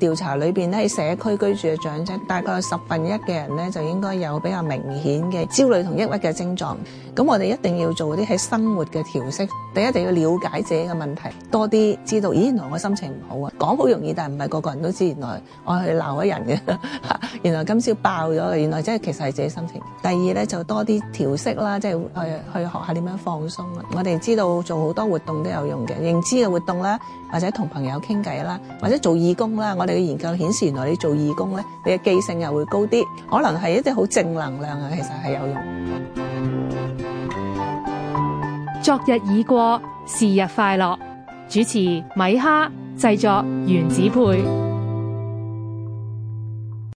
調查裏面，咧，喺社區居住嘅長者，大概有十分一嘅人咧，就應該有比較明顯嘅焦慮同抑鬱嘅症狀。咁我哋一定要做啲喺生活嘅調適。第一，就要了解自己嘅問題，多啲知道，咦，原來我心情唔好啊！講好容易，但係唔係個個人都知道，原來我去鬧咗人嘅。原來今朝爆咗，原來即係其實係自己心情。第二咧，就多啲調適啦，即係去去學下點樣放鬆啦。我哋知道做好多活動都有用嘅，認知嘅活動咧。或者同朋友傾偈啦，或者做義工啦。我哋嘅研究顯示，原來你做義工咧，你嘅記性又會高啲，可能係一啲好正能量啊。其實係有用。昨日已過，是日快樂。主持米哈，製作原子配。